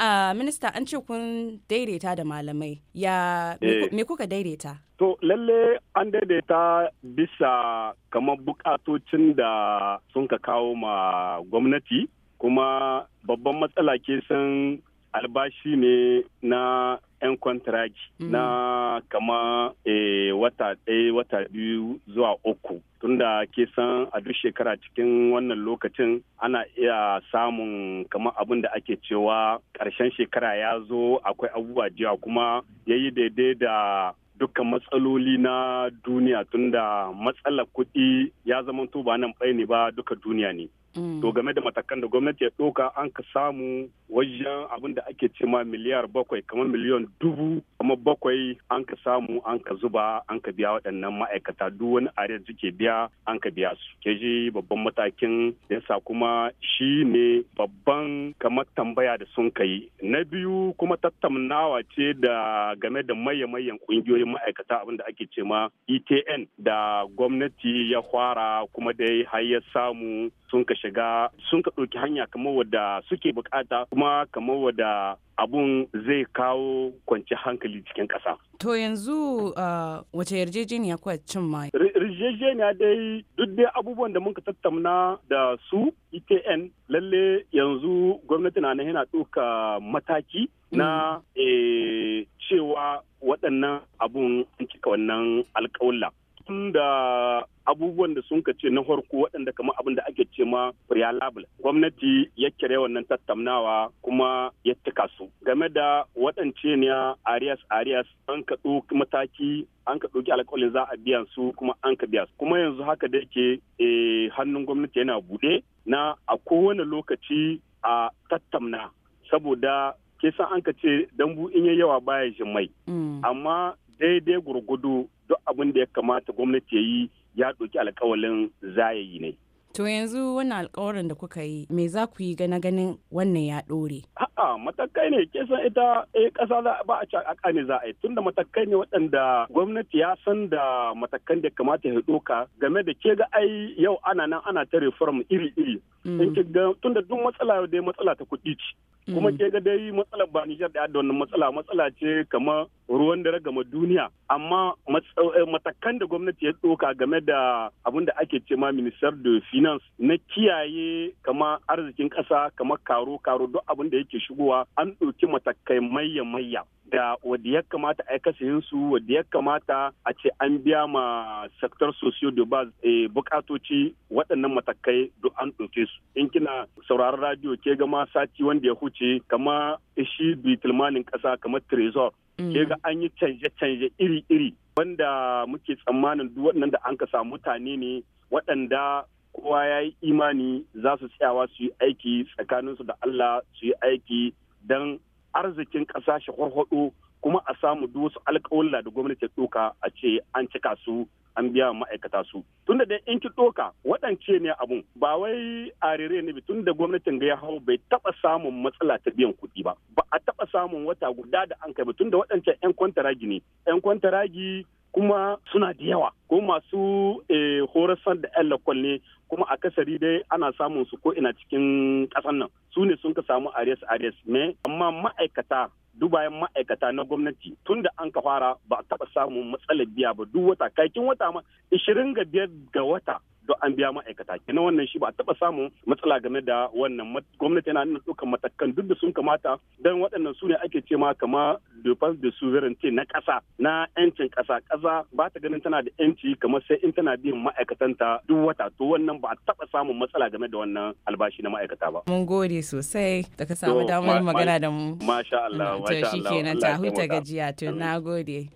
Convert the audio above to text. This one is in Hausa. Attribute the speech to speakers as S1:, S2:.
S1: uh, minista an ce kun daidaita da malamai ya eh. me kuka daidaita To lalle an daidaita bisa kamar bukatocin da sun ka kawo ma gwamnati kuma babban matsala ke san albashi ne na 'yan kwantiraji mm. na kama eh, wata ɗaya wata biyu zuwa uku tunda ke san a duk shekara cikin wannan lokacin ana iya samun kama abin da ake cewa ƙarshen shekara ya zo akwai abubuwa jiya kuma ya yi daidai da dukkan matsaloli na duniya tunda matsalar kuɗi ya zama to ba nan bai ne ba duka duniya ne Mm. to game da matakan da gwamnati ya ɗauka an ka samu wajen abin da ake cema miliyar bakwai kamar miliyan dubu kuma bakwai an ka samu an ka zuba an ka biya waɗannan ma'aikata duk wani are suke biya an ka biya su ke ji babban matakin yasa kuma shi ne babban kamar tambaya da sun kai na biyu kuma tattaunawa ce da game da maye-mayen ƙungiyoyin ma'aikata abin da ake cema etn da gwamnati ya fara kuma dai har ya samu sun ka shiga sun ka ɗauki hanya kamar wadda suke bukata kuma kamar wadda abun zai kawo kwanci hankali cikin ƙasa. To yanzu uh, wace yarjejeniya kuwa cin ma? Yarjejeniya dai duk dai abubuwan da muka tattauna da su ETN lalle yanzu gwamnati na yana ɗauka mataki na mm. eh, cewa waɗannan abun cika wannan alƙawla. Tun da abubuwan da sun ce na farko waɗanda kamar abin da ake ce ma prealable gwamnati ya kire wannan tattaunawa kuma ya cika su game da waɗance ne arias arias an ka mataki an ka ɗauki alƙawalin za a biya su kuma an ka biya su kuma yanzu haka da yake eh, hannun gwamnati yana buɗe na a kowane lokaci a tattamna saboda ke san an ka ce dambu in ya yawa baya shi mai mm. amma daidai gurgudu duk abin da ya kamata gwamnati ya yi ya ɗauki alkawalin zayayi ne. To yanzu wannan alkawarin da kuka yi me za ku yi gana ganin wannan ya ɗore? Ha'a, matakai ne ke san ita a eh, ƙasa za a ba a ci a za a yi tunda matakai ne waɗanda gwamnati ya san da matakan da kamata ya ɗoka game da ke ga ai yau ana nan ana ta reform iri-iri. In mm. ki duk matsala dai matsala ta kuɗi ce. kuma mm. ke ga dai matsalar ba Nijar da wannan matsala matsala ce kamar ruwan dare gama duniya amma eh, eh, matakan da gwamnati ya tsoka game da abin da ake ce ma minister da finance na kiyaye kama arzikin kasa kama karo karo duk abin da yake shigowa an ɗauki matakai mayya mayya da wadda ya kamata a yi su wadda ya kamata a ce an biya ma sektar socio da ba eh, bukatoci waɗannan matakai duk an ɗauke su in kina sauraron radio ke gama sati wanda ya huce ce kama shi bitulmanin ƙasa kamar trezor ke mm. ga an yi canje-canje iri-iri wanda muke tsammanin duk waɗannan da an ka samu mutane ne waɗanda kowa ya yi imani za su tsayawa su yi aiki tsakaninsu da Allah su yi aiki don arzikin ƙasa shi kuma a samu duk wasu alƙawalla da gwamnati ɗoka a ce an cika su an biya ma'aikata su tunda da in ki ɗoka waɗance ne abun ba wai rere ne bi tunda gwamnatin ga ya hau bai taɓa samun matsala ta biyan kuɗi ba ba a taɓa samun wata guda da an kai ba tunda waɗancan 'yan kwantaragi ne 'yan kwantaragi kuma suna da yawa ko masu eh, horasar da 'yan lakwalle kuma a kasari dai ana samun su ko ina cikin ƙasar nan su ne sun ka samu ares ares ne amma ma'aikata dubayen ma'aikata na gwamnati tun da an ka fara ba a taɓa samun matsalar biya ba duk wata kakin wata ma 25 ga wata to an biya ma'aikata kenan wannan shi ba a taɓa samun matsala game da wannan gwamnati yana nuna dukkan matakan duk da sun kamata don waɗannan su ne ake ce ma kama defense de sovereignty na ƙasa na 'yancin ƙasa ƙasa ba ta ganin tana da 'yanci kamar sai in tana biyan ma'aikatanta duk wata to wannan ba a taba samun matsala game da wannan albashi na ma'aikata ba. Mun gode sosai da ka samu damar magana da mu. Masha Allah. To shi kenan ta huta gajiya to na gode.